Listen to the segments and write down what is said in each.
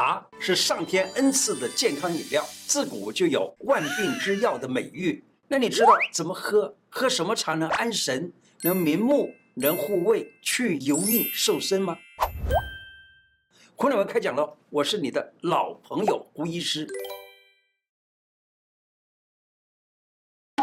茶是上天恩賜的健康飲料，自古就有萬病之藥的美譽。那你知道怎麼喝？喝什麼茶能安神？能明目？能護胃？去油膩、瘦身嗎？胡乃文開講了，我是你的老朋友胡醫師。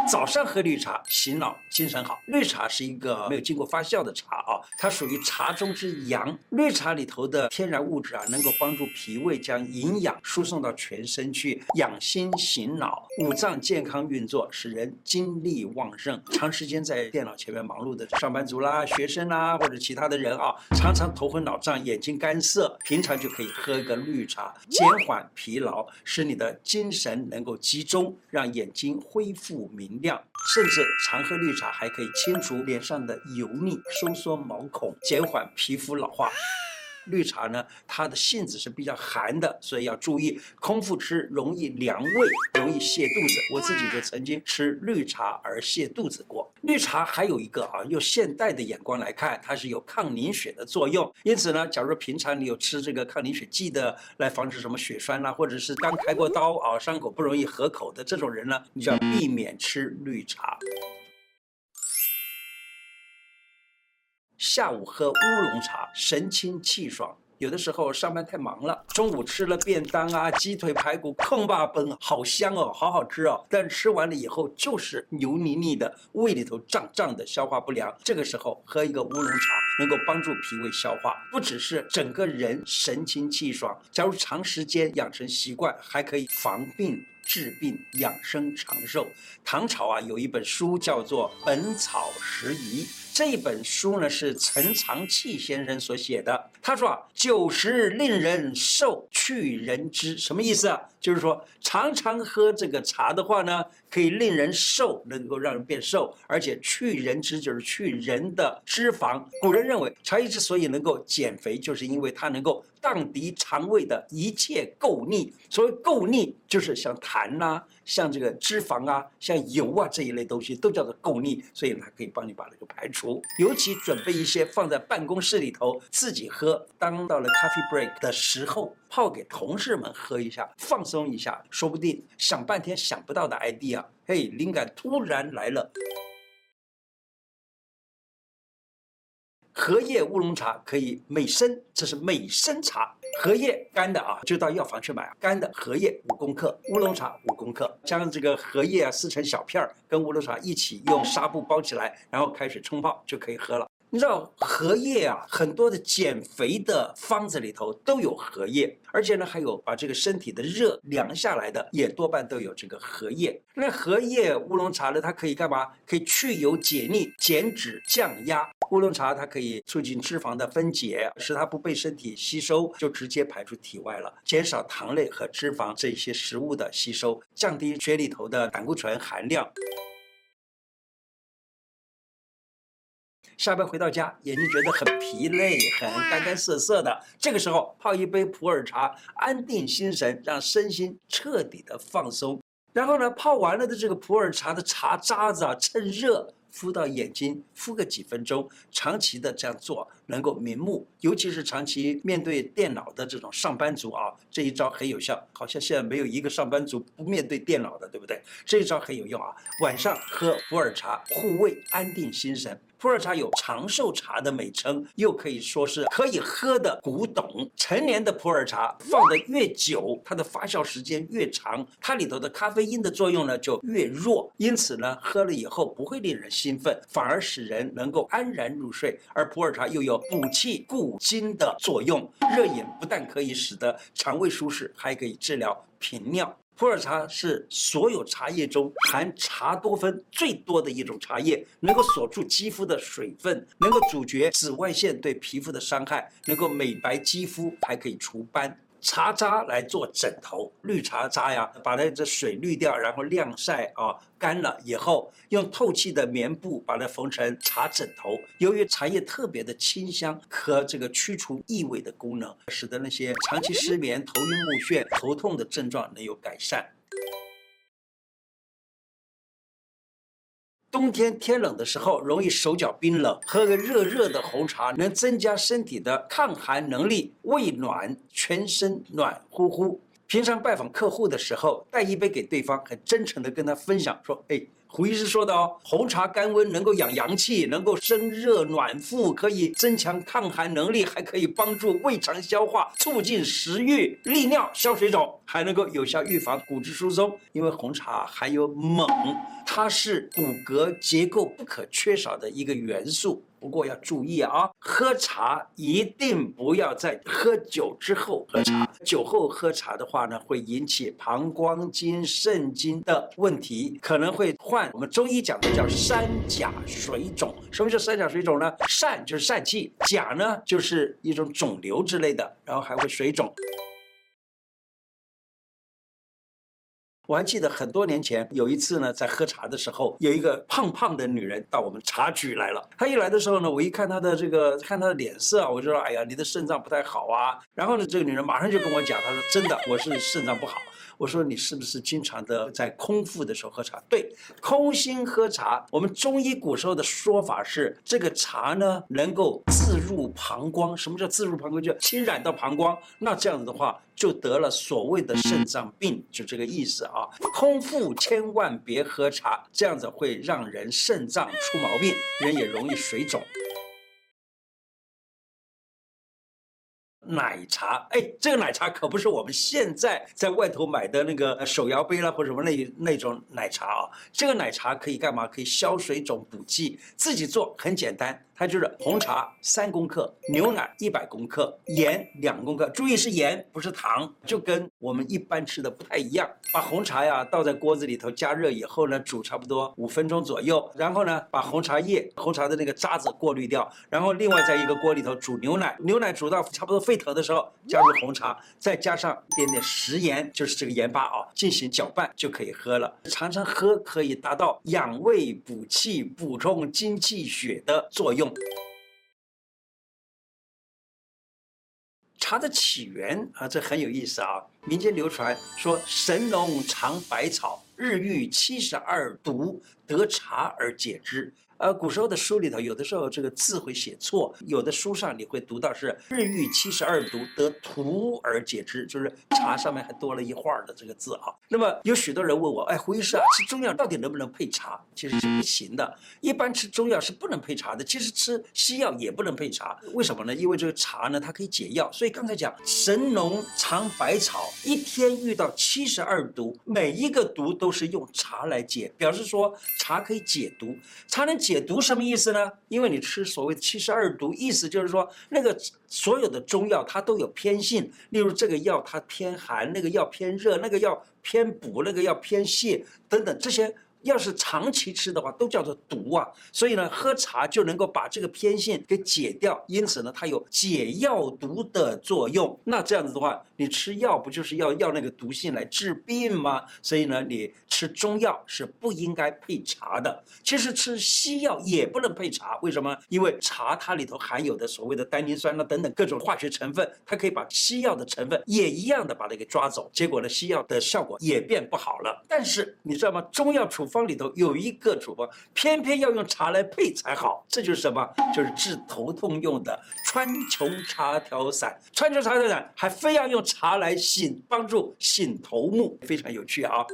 早上喝綠茶醒腦，精神好。綠茶是一個沒有經過發酵的茶啊，它屬於茶中之陽。綠茶裡頭的天然物質啊，能夠幫助脾胃將營養輸送到全身去，養心醒腦，五臟健康運作，使人精力旺盛。長時間在電腦前面忙碌的上班族啦、學生啦或者其他的人啊，常常頭昏腦脹、眼睛乾澀，平常就可以喝一個綠茶，減緩疲勞，使你的精神能夠集中，讓眼睛恢復明量，甚至常喝綠茶還可以清除臉上的油膩，收縮毛孔，減緩皮膚老化。綠茶呢，它的性質是比較寒的，所以要注意空腹吃容易涼胃，容易瀉肚子。我自己就曾經吃綠茶而瀉肚子過。綠茶還有一個啊，用現代的眼光來看，它是有抗凝血的作用。因此呢，假如平常你有吃這個抗凝血劑的，來防止什麼血栓吶，啊，或者是剛開過刀啊，傷口不容易合口的這種人呢，你就要避免吃綠茶。下午喝烏龍茶，神清氣爽。有的時候上班太忙了，中午吃了便當啊，雞腿排骨，控吧嘣，好香哦，好好吃哦。但吃完了以後就是油膩膩的，胃裡頭脹脹的，消化不良。這個時候喝一個烏龍茶，能夠幫助脾胃消化，不只是整個人神清氣爽，假如長時間養成習慣，還可以防病。治病、養生長壽。唐朝啊，有一本書叫做《本草拾遺》。這本書呢是陳藏器先生所寫的。他說啊：“久食令人瘦，去人脂。”什麼意思啊？就是說，常常喝這個茶的話呢，可以令人瘦，能夠讓人變瘦，而且去人脂就是去人的脂肪。古人認為，茶葉之所以能夠減肥，就是因為它能夠。蕩滌腸胃的一切垢膩，所謂垢膩就是像痰吶、啊、像這個脂肪啊、像油啊這一類東西都叫做垢膩，所以它可以幫你把這個排除。尤其準備一些放在辦公室裡頭自己喝，當到了咖啡 break 的時候泡給同事們喝一下，放鬆一下，說不定想半天想不到的 idea，嘿，靈感突然來了。荷葉烏龍茶可以美身，這是美身茶。荷葉乾的啊，就到藥房去買、啊、乾的荷葉五公克，烏龍茶五公克，將這個荷葉啊撕成小片兒，跟烏龍茶一起用紗布包起來，然後開水沖泡就可以喝了。你知道荷葉啊，很多的減肥的方子裡頭都有荷葉，而且呢，還有把這個身體的熱涼下來的也多半都有這個荷葉。那荷葉烏龍茶呢，它可以幹嘛？可以去油解膩、減脂降壓。烏龍茶它可以促進脂肪的分解，使它不被身體吸收，就直接排出體外了，減少糖類和脂肪這些食物的吸收，降低血裡頭的膽固醇含量。下班回到家，眼睛覺得很疲累，很乾乾澀澀的。這個時候泡一杯普洱茶，安定心神，讓身心徹底的放鬆。然後呢，泡完了的這個普洱茶的茶渣子啊，趁熱敷到眼睛，敷個幾分鐘。長期的這樣做，能夠明目，尤其是長期面對電腦的這種上班族啊，這一招很有效。好像現在沒有一個上班族不面對電腦的，對不對？這一招很有用啊。晚上喝普洱茶，護胃，安定心神。普洱茶有長壽茶的美稱，又可以說是可以喝的古董。陳年的普洱茶放得越久，它的發酵時間越長，它裡頭的咖啡因的作用呢就越弱，因此呢喝了以後不會令人興奮，反而使人能夠安然入睡。而普洱茶又有補氣固精的作用，熱飲不但可以使得腸胃舒適，還可以治療頻尿。普洱茶是所有茶葉中含茶多酚最多的一種茶葉，能夠鎖住肌膚的水分，能夠阻絕紫外線對皮膚的傷害，能夠美白肌膚，還可以除斑。茶渣來做枕頭，綠茶渣呀，把那這水濾掉，然後晾曬啊，乾了以後用透氣的棉布把它縫成茶枕頭。由於茶葉特別的清香和這個驅除異味的功能，使得那些長期失眠、頭暈目眩、頭痛的症狀能有改善。冬天天冷的時候，容易手腳冰冷，喝個熱熱的紅茶，能增加身體的抗寒能力，胃暖，全身暖乎乎。平常拜訪客戶的時候，帶一杯給對方，很真誠的跟他分享，說，哎。胡醫師說的哦，紅茶甘溫，能夠養陽氣，能夠生熱暖腹，可以增強抗寒能力，還可以幫助胃腸消化，促進食欲，利尿消水腫，還能夠有效預防骨質疏鬆，因為紅茶含有錳，它是骨骼結構不可缺少的一個元素。不過要注意啊，喝茶一定不要在喝酒之後喝茶。酒後喝茶的話呢，會引起膀胱經、腎經的問題，可能會患我們中醫講的叫三甲水腫。什麼叫三甲水腫呢？疝就是疝氣，甲呢就是一種腫瘤之類的，然後還會水腫。我還記得很多年前有一次呢，在喝茶的時候，有一個胖胖的女人到我們茶局來了。她一來的時候呢，我一看她的這個，看她的臉色啊，我就說：“哎呀，你的腎臟不太好啊。”然後呢，這個女人馬上就跟我講，她說：“真的，我是腎臟不好。”我說，你是不是經常的在空腹的時候喝茶？對，空心喝茶，我們中醫古時候的說法是，這個茶呢能夠自入膀胱。什麼叫自入膀胱？就侵染到膀胱。那這樣子的話，就得了所謂的腎臟病，就這個意思啊。空腹千萬別喝茶，這樣子會讓人腎臟出毛病，人也容易水腫。奶茶，哎，這個奶茶可不是我們現在在外頭買的那個手搖杯啦，或者什麼那那種奶茶啊、哦，這個奶茶可以幹嘛？可以消水腫、補氣，自己做很簡單。它就是紅茶三公克，牛奶一百公克，鹽兩公克。注意是鹽，不是糖，就跟我們一般吃的不太一樣。把紅茶呀倒在鍋子裡頭加熱以後呢，煮差不多五分鐘左右。然後呢，把紅茶葉、紅茶的那個渣子過濾掉。然後另外在一個鍋裡頭煮牛奶，牛奶煮到差不多沸騰的時候，加入紅茶，再加上一點點食鹽，就是這個鹽巴啊、哦，進行攪拌就可以喝了。常常喝可以達到養胃、補氣、補充精氣血的作用。茶的起源啊，這很有意思啊。民間流傳說，神農嘗百草，日遇七十二毒，得茶而解之。呃，古時候的書裡頭，有的時候這個字會寫錯，有的書上你會讀到是“日遇七十二毒，得荼而解之”，就是茶上面還多了一畫的這個字哈。那麼有許多人問我，哎，胡醫生啊，吃中藥到底能不能配茶？其實是不行的，一般吃中藥是不能配茶的。其實吃西藥也不能配茶，為什麼呢？因為這個茶呢，它可以解藥。所以剛才講神農嘗百草，一天遇到七十二毒，每一個毒都是用茶來解，表示說茶可以解毒，茶能解。解毒什麼意思呢？因為你吃所謂的七十二毒，意思就是說，那個所有的中藥它都有偏性，例如這個藥它偏寒，那個藥偏熱，那個藥偏補，那個藥偏瀉，等等這些。要是長期吃的話，都叫做毒啊。所以呢，喝茶就能夠把這個偏性給解掉，因此呢，它有解藥毒的作用。那這樣子的話，你吃藥不就是要要那個毒性來治病嗎？所以呢，你吃中藥是不應該配茶的。其實吃西藥也不能配茶，為什麼？因為茶它裡頭含有的所謂的單寧酸啊等等各種化學成分，它可以把西藥的成分也一樣的把它給抓走，結果呢，西藥的效果也變不好了。但是你知道嗎？中藥處方。方裡頭有一個處方，偏偏要用茶來配才好，這就是什麼？就是治頭痛用的川芎茶調散。川芎茶調散還非要用茶來醒，幫助醒頭目，非常有趣啊。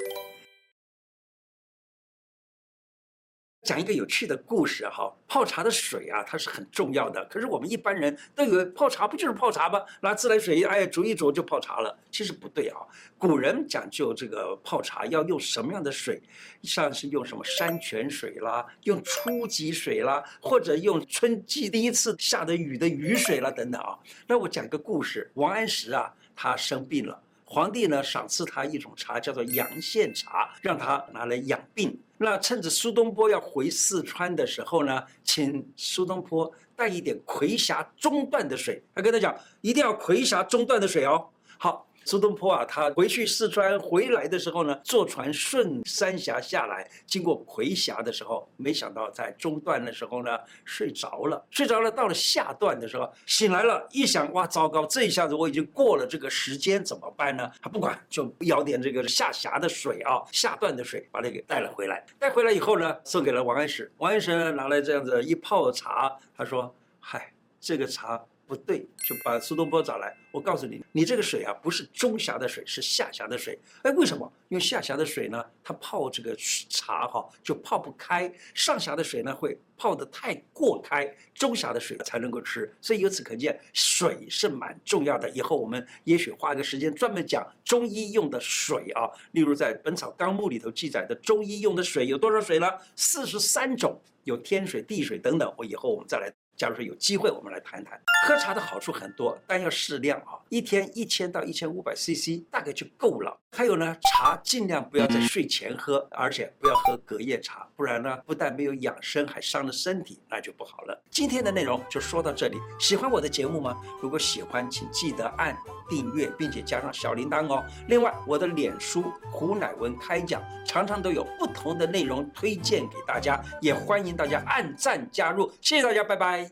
講一個有趣的故事哈，泡茶的水啊，它是很重要的。可是我們一般人都以為泡茶不就是泡茶嗎？拿自來水哎，煮一煮就泡茶了，其實不對啊。古人講究這個泡茶要用什麼樣的水，像是用什麼山泉水啦，用初級水啦，或者用春季第一次下的雨的雨水啦等等啊。那我講一個故事，王安石啊，他生病了。皇帝呢賞賜他一種茶，叫做陽羨茶，讓他拿來養病。那趁着蘇東坡要回四川的時候呢，請蘇東坡帶一點夔峽中段的水，他跟他講，一定要夔峽中段的水哦。好。蘇東坡啊，他回去四川回來的時候呢，坐船順三峽下來，經過夔峽的時候，沒想到在中段的時候呢睡着了，睡着了到了下段的時候醒來了一想，哇，糟糕，這一下子我已經過了這個時間，怎麼辦呢？他不管，就舀點這個下峽的水啊，下段的水，把它給帶了回來。帶回來以後呢，送給了王安石，王安石拿來這樣子一泡的茶，他說：“嗨，這個茶。”不對，就把蘇東坡找來。我告訴你，你這個水啊，不是中峽的水，是下峽的水。哎，為什麼？因為下峽的水呢，它泡這個茶哈，就泡不開。上峽的水呢，會泡得太過開。中峽的水才能夠吃。所以由此可見，水是蠻重要的。以後我們也許花個時間專門講中醫用的水啊，例如在《本草綱目》裡頭記載的中醫用的水有多少水呢？四十三種，有天水、地水等等。我以後我們再來。假如說有機會，我們來談一談喝茶的好處很多，但要適量啊，一天一千到一千五百 CC 大概就夠了。還有呢，茶儘量不要在睡前喝，而且不要喝隔夜茶，不然呢，不但沒有養生，還傷了身體，那就不好了。今天的內容就說到這裡，喜歡我的節目嗎？如果喜歡，請記得按訂閱，並且加上小鈴鐺哦。另外，我的臉書胡乃文開講常常都有不同的內容推薦給大家，也歡迎大家按讚加入。謝謝大家，拜拜。